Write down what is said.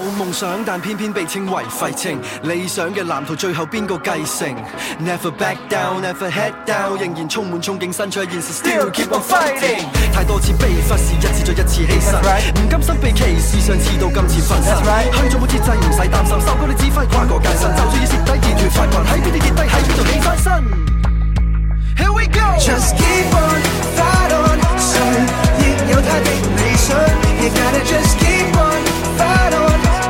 有夢想，但偏偏被稱為廢青。理想嘅藍圖，最後邊個繼承？Never back down, never head down，仍然充滿憧憬，身處現實，still keep on fighting。太多次被忽視，一次再一次犧牲，唔甘心被歧視，上次到今次發生。去咗冇節制，唔使擔心，受過啲指揮，跨過界線。就算要跌低，跌脫塊裙，喺邊度跌低，喺邊度起翻身。Here we go, just keep on fight on。信亦有他的理想，You gotta just keep on fight on。